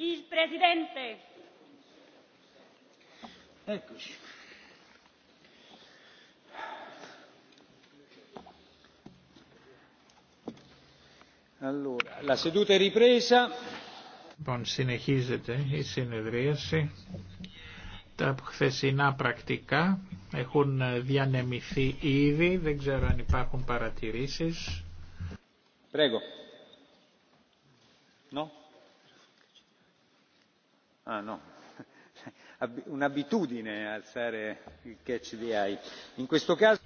Il Presidente. Eccoci. Allora, la seduta è ripresa. Λοιπόν, συνεχίζεται η συνεδρίαση. Τα χθεσινά πρακτικά έχουν διανεμηθεί ήδη. Δεν ξέρω αν υπάρχουν παρατηρήσεις. Πρέγω. Νο. No? Ah, no. Un'abitudine alzare il catch the eye. In questo caso...